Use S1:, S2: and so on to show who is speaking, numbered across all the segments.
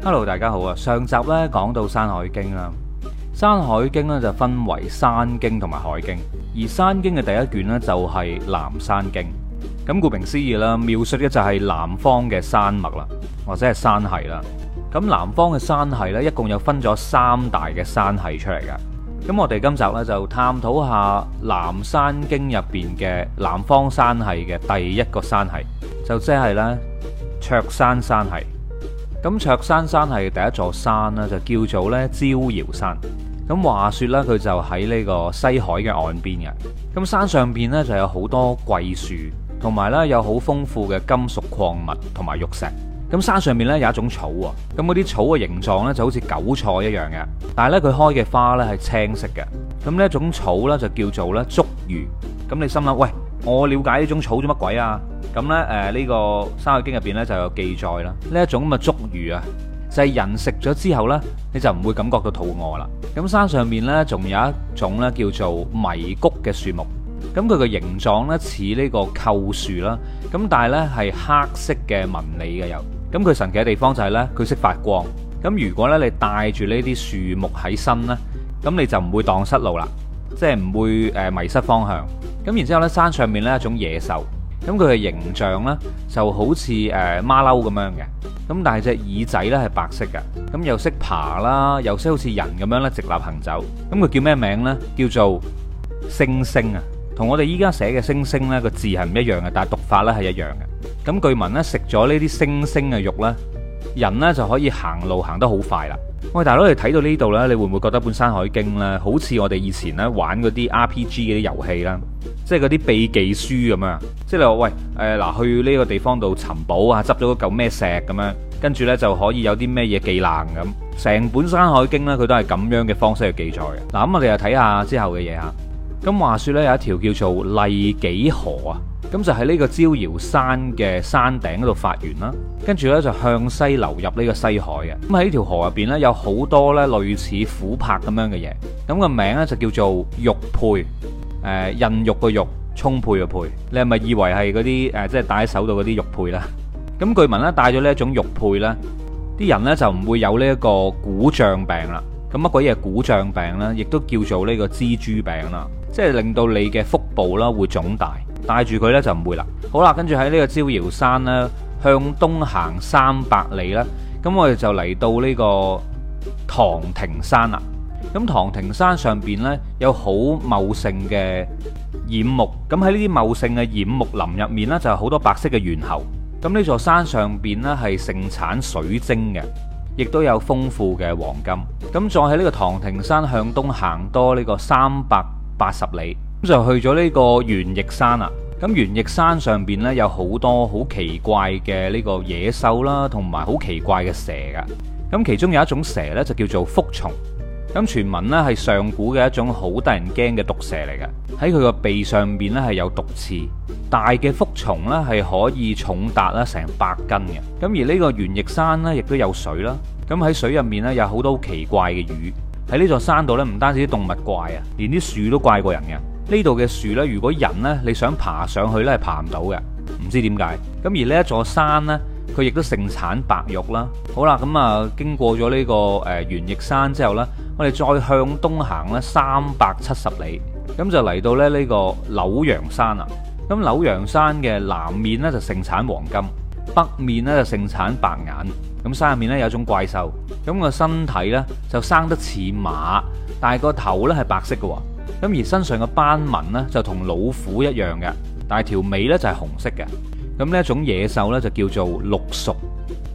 S1: hello，大家好啊！上集咧講到山海經《山海經》啦，《山海經》咧就分為山經同埋海經，而山經嘅第一卷呢就係《南山經》。咁顧名思義啦，描述嘅就係南方嘅山脈啦，或者係山系啦。咁南方嘅山系咧，一共有分咗三大嘅山系出嚟噶。咁我哋今集咧就探討下《南山經》入邊嘅南方山系嘅第一個山系，就即係咧卓山山系。咁鵲山山系第一座山咧，就叫做咧招搖山。咁話說咧，佢就喺呢個西海嘅岸邊嘅。咁山上邊咧就有好多桂樹，同埋咧有好豐富嘅金屬礦物同埋玉石。咁山上面咧有一種草啊，咁嗰啲草嘅形狀咧就好似韭菜一樣嘅，但係咧佢開嘅花咧係青色嘅。咁呢一種草咧就叫做咧祝餘。咁你心諗喂？我瞭解呢種草做乜鬼啊？咁咧誒呢個《山海經》入邊咧就有記載啦。呢一種咁嘅竹魚啊，就係人食咗之後咧，你就唔會感覺到肚餓啦。咁山上面咧仲有一種咧叫做迷谷嘅樹木，咁佢嘅形狀咧似呢個構樹啦，咁但係咧係黑色嘅紋理嘅油。咁佢神奇嘅地方就係咧，佢識發光。咁如果咧你帶住呢啲樹木喺身咧，咁你就唔會蕩失路啦，即係唔會誒迷失方向。咁然之後咧，山上面咧一種野獸，咁佢嘅形象咧就好似誒馬騮咁樣嘅，咁但係隻耳仔咧係白色嘅，咁又識爬啦，又識好似人咁樣咧直立行走。咁佢叫咩名咧？叫做猩猩啊，同我哋依家寫嘅猩猩咧個字係唔一樣嘅，但係讀法咧係一樣嘅。咁據聞咧食咗呢啲猩猩嘅肉咧，人咧就可以行路行得好快啦。喂，大佬你睇到呢度呢，你會唔會覺得《本山海經》呢？好似我哋以前呢玩嗰啲 RPG 嘅啲遊戲啦，即係嗰啲秘技書咁樣，即係你話喂，誒、呃、嗱去呢個地方度尋寶啊，執咗嗰嚿咩石咁樣，跟住呢就可以有啲咩嘢技能咁，成本《山海經》呢，佢都係咁樣嘅方式去記載嘅。嗱，咁我哋又睇下之後嘅嘢下。咁話說呢，有一條叫做荔幾河啊。咁就喺呢個招搖山嘅山頂嗰度發源啦，跟住呢，就向西流入呢個西海嘅。咁喺呢條河入邊呢，有好多呢類似琥珀咁樣嘅嘢。咁個名呢，就叫做育沛，誒，孕育嘅育，充沛嘅沛。你係咪以為係嗰啲誒，即係戴喺手度嗰啲玉佩呢？咁據聞呢，戴咗呢一種育沛呢，啲人呢，就唔會有呢一個鼓脹病啦。咁乜鬼嘢鼓脹病呢？亦都叫做呢個蜘蛛病啦，即係令到你嘅腹部啦會腫大。帶住佢呢，就唔會啦。好啦，跟住喺呢個招搖山呢，向東行三百里啦，咁我哋就嚟到呢個堂庭山啦。咁堂庭山上邊呢，有好茂盛嘅偃木，咁喺呢啲茂盛嘅偃木林入面呢，就係好多白色嘅猿猴。咁呢座山上邊呢，係盛產水晶嘅，亦都有豐富嘅黃金。咁再喺呢個堂庭山向東行多呢個三百八十里。咁就去咗呢個猿翼山啦。咁猿翼山上邊呢，有好多好奇怪嘅呢個野獸啦，同埋好奇怪嘅蛇㗎。咁其中有一種蛇呢，就叫做蝮虫。咁傳聞呢，係上古嘅一種好得人驚嘅毒蛇嚟嘅。喺佢個鼻上邊呢，係有毒刺，大嘅蝮虫呢，係可以重達啦成百斤嘅。咁而呢個猿翼山呢，亦都有水啦。咁喺水入面呢，有好多好奇怪嘅魚。喺呢座山度呢，唔單止啲動物怪啊，連啲樹都怪過人嘅。呢度嘅樹呢，如果人呢，你想爬上去呢，係爬唔到嘅。唔知點解。咁而呢一座山呢，佢亦都盛產白玉啦。好啦，咁啊，經過咗呢、這個誒猨翼山之後呢，我哋再向東行呢三百七十里，咁就嚟到咧呢個柳陽山啦。咁柳陽山嘅南面呢，就盛產黃金，北面呢，就盛產白銀。咁山入面呢，有一種怪獸，咁個身體呢，就生得似馬，但係個頭呢，係白色嘅喎。咁而身上嘅斑紋呢，就同老虎一樣嘅，但係條尾呢就係紅色嘅。咁呢一種野獸呢，就叫做鹿蜀。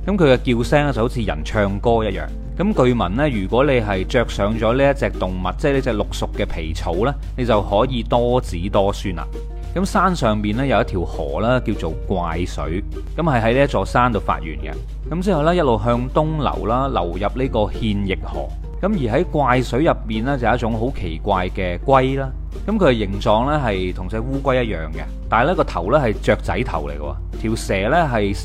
S1: 咁佢嘅叫聲就好似人唱歌一樣。咁據聞呢，如果你係着上咗呢一隻動物，即係呢隻鹿蜀嘅皮草呢，你就可以多子多孫啦。咁山上面呢，有一條河啦，叫做怪水，咁係喺呢一座山度發源嘅。咁之後呢，一路向東流啦，流入呢個憲翼河。咁而喺怪水入面咧，就有一種好奇怪嘅龜啦。咁佢嘅形狀咧係同隻烏龜一樣嘅，但係咧個頭咧係雀仔頭嚟嘅，條蛇咧係，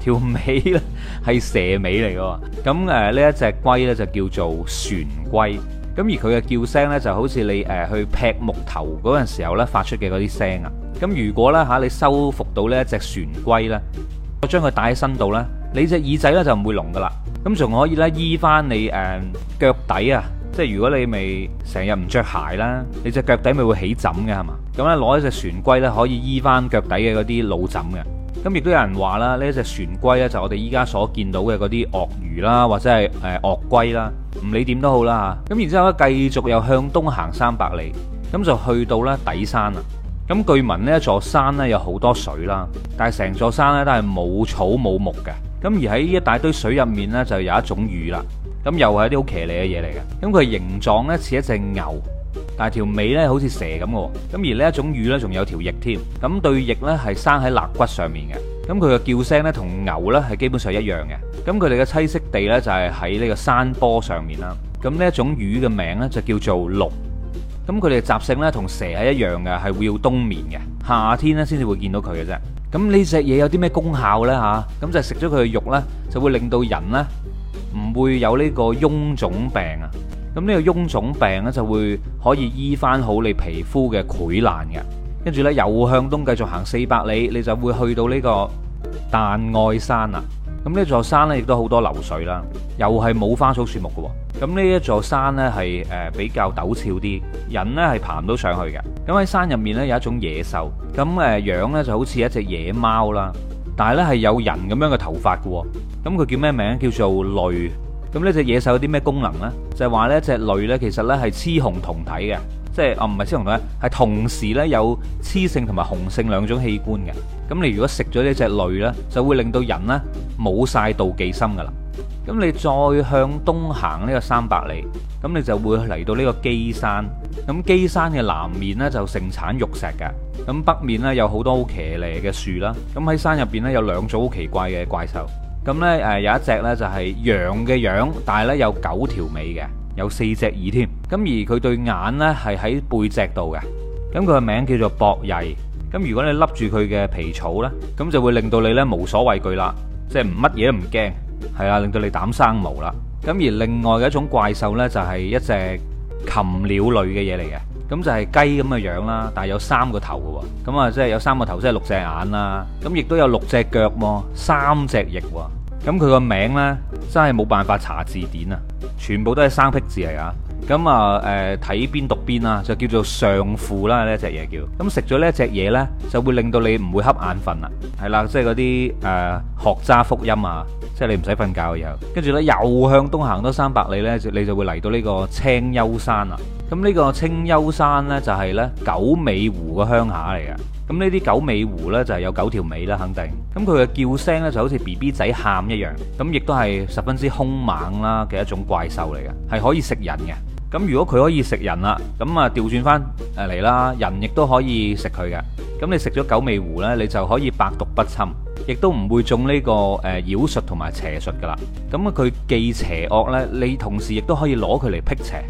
S1: 條尾咧係蛇尾嚟嘅。咁誒呢一隻龜咧就叫做船龜。咁而佢嘅叫聲咧就好似你誒去劈木頭嗰陣時候咧發出嘅嗰啲聲啊。咁如果咧吓你收服到呢一隻船龜咧，我將佢帶喺身度咧，你隻耳仔咧就唔會聾噶啦。咁仲可以咧醫翻你誒腳底啊！即係如果你咪成日唔着鞋啦，你隻腳底咪會起疹嘅係嘛？咁咧攞一隻船龜咧可以醫翻腳底嘅嗰啲老枕嘅。咁亦都有人話啦，呢一隻船龜咧就我哋依家所見到嘅嗰啲鱷魚啦，或者係誒鱷龜啦，唔理點都好啦吓，咁然之後咧繼續又向東行三百里，咁就去到咧底山啦。咁據聞呢一座山咧有好多水啦，但係成座山咧都係冇草冇木嘅。咁而喺呢一大堆水入面呢，就有一種魚啦。咁又係啲好騎呢嘅嘢嚟嘅。咁佢形狀呢，似一隻牛，但係條尾呢，好似蛇咁喎。咁而呢一種魚呢，仲有條翼添。咁對翼呢，係生喺肋骨上面嘅。咁佢嘅叫聲呢，同牛呢，係基本上一樣嘅。咁佢哋嘅棲息地呢，就係喺呢個山坡上面啦。咁呢一種魚嘅名呢，就叫做龍。咁佢哋習性呢，同蛇係一樣嘅，係會要冬眠嘅，夏天呢，先至會見到佢嘅啫。咁呢隻嘢有啲咩功效呢？嚇？咁就食咗佢嘅肉呢，就會令到人呢唔會有呢個臃腫病啊！咁呢個臃腫病呢，就會可以醫翻好你皮膚嘅潰爛嘅。跟住呢，又向東繼續行四百里，你就會去到呢個亶爰山啊！咁呢座山咧，亦都好多流水啦，又係冇花草樹木嘅。咁呢一座山咧，係誒比較陡峭啲，人咧係爬唔到上去嘅。咁喺山入面咧，有一種野獸，咁誒樣咧就好似一隻野貓啦，但係咧係有人咁樣嘅頭髮嘅。咁佢叫咩名？叫做雷。咁呢隻野獸有啲咩功能呢？就係話呢隻雷咧其實咧係雌雄同體嘅。即係啊，唔係雌雄同體，係同時咧有雌性同埋雄性兩種器官嘅。咁你如果食咗呢隻類咧，就會令到人咧冇曬妒忌心噶啦。咁你再向東行呢個三百里，咁你就會嚟到呢個基山。咁基山嘅南面咧就盛產玉石嘅，咁北面咧有好多好騎呢嘅樹啦。咁喺山入邊咧有兩種好奇怪嘅怪獸。咁咧誒有一隻咧就係羊嘅樣，但係咧有九條尾嘅，有四隻耳添。咁而佢對眼呢係喺背脊度嘅，咁佢個名叫做博義。咁如果你笠住佢嘅皮草呢，咁就會令到你呢無所畏懼啦，即係唔乜嘢都唔驚，係啊，令到你膽生毛啦。咁而另外嘅一種怪獸呢就係一隻禽鳥類嘅嘢嚟嘅，咁就係雞咁嘅樣啦，但係有三個頭噶，咁啊即係有三個頭，即係六隻眼啦，咁亦都有六隻腳喎，三隻翼。咁佢個名呢真係冇辦法查字典啊，全部都係生僻字嚟啊！咁啊，誒睇邊讀邊啊，就叫做上父啦呢一隻嘢叫。咁食咗呢一隻嘢咧，就會令到你唔會瞌眼瞓啦。係啦，即係嗰啲誒學渣福音啊，即係你唔使瞓覺嘅時候。跟住咧，又向東行多三百里咧，你就會嚟到呢個青丘山啊。咁呢個青丘山咧，就係咧九尾狐嘅鄉下嚟嘅。咁呢啲九尾狐咧，就係有九條尾啦，肯定。咁佢嘅叫聲咧，就好似 B B 仔喊一樣。咁亦都係十分之兇猛啦嘅一種怪獸嚟嘅，係可以食人嘅。咁如果佢可以食人啦，咁啊調轉翻誒嚟啦，人亦都可以食佢嘅。咁你食咗九尾狐呢，你就可以百毒不侵，亦都唔會中呢個誒妖術同埋邪術噶啦。咁啊，佢既邪惡呢，你同時亦都可以攞佢嚟辟邪。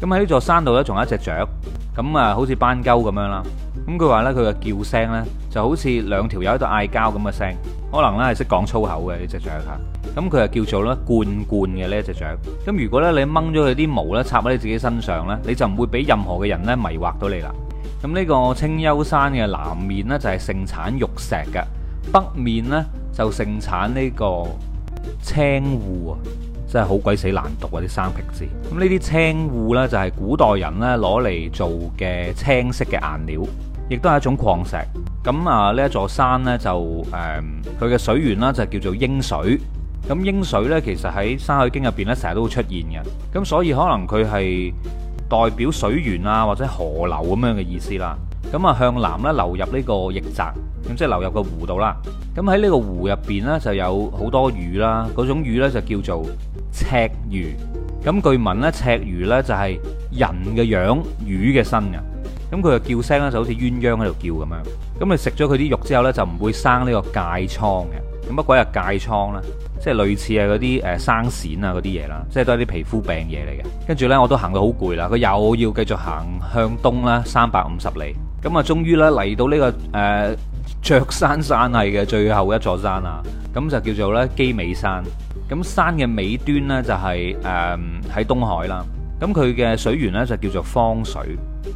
S1: 咁喺呢座山度呢，仲有一隻雀，咁啊，好似斑鳩咁樣啦。咁佢話呢，佢嘅叫聲呢，就好似兩條友喺度嗌交咁嘅聲。可能咧係識講粗口嘅呢隻雀。嚇，咁佢係叫做咧罐罐嘅呢一隻雀。咁如果咧你掹咗佢啲毛咧插喺你自己身上咧，你就唔會俾任何嘅人咧迷惑到你啦。咁、這、呢個青丘山嘅南面咧就係盛產玉石嘅，北面咧就盛產呢個青雘啊！真係好鬼死難讀啊啲生僻字。咁呢啲青雘咧就係古代人咧攞嚟做嘅青色嘅顏料。亦都係一種礦石，咁啊呢一座山呢，就誒佢嘅水源啦，就叫做英水。咁英水呢，其實喺《山海經》入面呢，成日都會出現嘅。咁所以可能佢係代表水源啊，或者河流咁樣嘅意思啦。咁啊向南呢流入呢個翼澤，咁即係流入個湖度啦。咁喺呢個湖入面呢，就有好多魚啦，嗰種魚呢，就叫做赤魚。咁據聞呢，赤魚呢，就係人嘅樣，魚嘅身嘅。咁佢嘅叫聲咧就好似鴛鴦喺度叫咁樣，咁佢食咗佢啲肉之後呢，就唔會生呢個疥瘡嘅。咁乜鬼啊疥瘡咧，即係類似係嗰啲生癬啊嗰啲嘢啦，即係都係啲皮膚病嘢嚟嘅。跟住呢，我都行到好攰啦，佢又要繼續行向東啦三百五十里。咁啊，終於呢嚟到呢、呢個誒雀、呃、山山系嘅最後一座山啊，咁就叫做呢基尾山。咁山嘅尾端呢，就係、是、喺、呃、東海啦。咁佢嘅水源咧就叫做方水，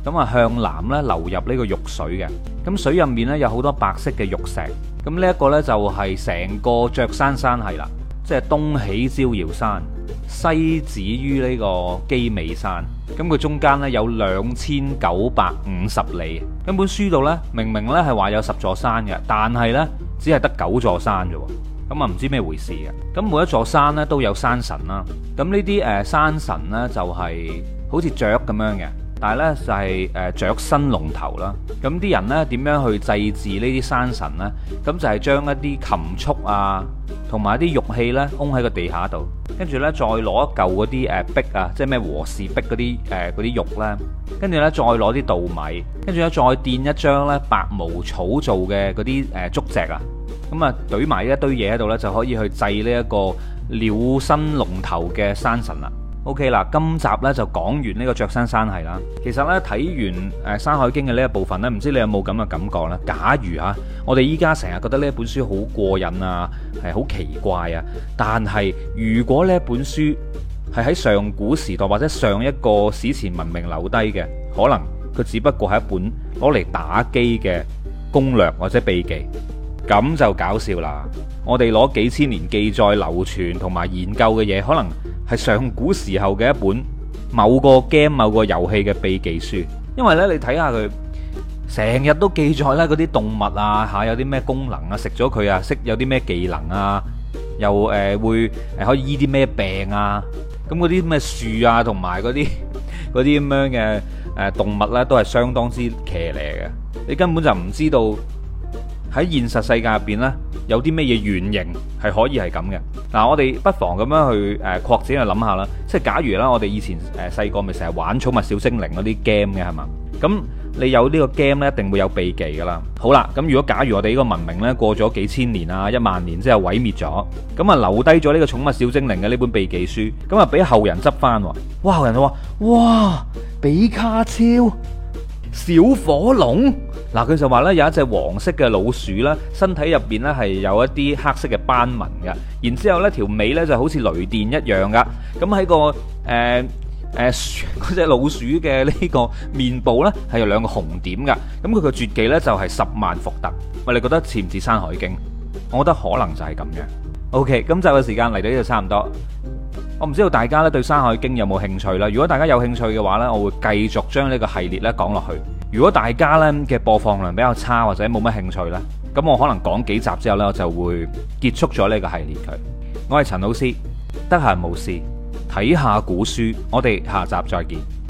S1: 咁啊向南咧流入呢個玉水嘅。咁水入面咧有好多白色嘅玉石，咁呢一個呢，就係成個雀山山系啦，即係東起招搖山，西止於呢個基尾山。咁佢中間咧有兩千九百五十里。咁本書度呢，明明呢，係話有十座山嘅，但係呢，只係得九座山啫喎。咁啊唔知咩回事嘅，咁每一座山咧都有山神啦。咁呢啲誒山神咧就係好似雀咁樣嘅，但係咧就係誒雀身龍頭啦。咁啲人咧點樣去祭祀呢啲山神咧？咁就係將一啲禽畜啊，同埋一啲玉器咧，擁喺個地下度，跟住咧再攞一嚿嗰啲誒璧啊，即係咩和氏璧嗰啲誒嗰啲玉咧，跟住咧再攞啲稻米，跟住咧再墊一張咧白毛草做嘅嗰啲誒竹席啊。咁啊，懟埋呢一堆嘢喺度呢，就可以去制呢一個鳥身龍頭嘅山神啦。OK 啦，今集呢就講完呢個雀山山系啦。其實呢，睇完誒《山海經》嘅呢一部分呢，唔知你有冇咁嘅感覺呢？假如吓啊，我哋依家成日覺得呢一本書好過癮啊，係好奇怪啊，但係如果呢一本書係喺上古時代或者上一個史前文明留低嘅，可能佢只不過係一本攞嚟打機嘅攻略或者秘技。咁就搞笑啦！我哋攞幾千年記載流傳同埋研究嘅嘢，可能係上古時候嘅一本某個 game、某個遊戲嘅秘技書。因為呢，你睇下佢成日都記載呢嗰啲動物啊，吓有啲咩功能啊，食咗佢啊，識有啲咩技能啊，又誒會誒可以醫啲咩病啊。咁嗰啲咩樹啊，同埋嗰啲嗰啲咁樣嘅誒動物呢，都係相當之騎呢嘅。你根本就唔知道。喺現實世界入邊呢，有啲咩嘢原型係可以係咁嘅？嗱，我哋不妨咁樣去誒擴展去諗下啦。即係假如啦，我哋以前誒細個咪成日玩寵物小精靈嗰啲 game 嘅係嘛？咁你有呢個 game 呢，一定會有秘技噶啦。好啦，咁如果假如我哋呢個文明呢，過咗幾千年啊、一萬年之後毀滅咗，咁啊留低咗呢個寵物小精靈嘅呢本秘技書，咁啊俾後人執翻喎。哇！後人都話：哇，比卡超小火龍。嗱，佢就話咧有一隻黃色嘅老鼠啦，身體入邊咧係有一啲黑色嘅斑紋嘅，然之後咧條尾咧就好似雷電一樣噶，咁喺個誒誒、呃呃、嗰隻老鼠嘅呢個面部咧係有兩個紅點噶，咁佢個絕技咧就係十萬伏特，喂，你覺得似唔似《山海經》？我覺得可能就係咁樣。OK，今集嘅時間嚟到呢度差唔多，我唔知道大家咧對《山海經》有冇興趣啦。如果大家有興趣嘅話咧，我會繼續將呢個系列咧講落去。如果大家呢嘅播放量比較差，或者冇乜興趣呢，咁我可能講幾集之後呢，我就會結束咗呢個系列佢。我係陳老師，得閒無事睇下古書，我哋下集再見。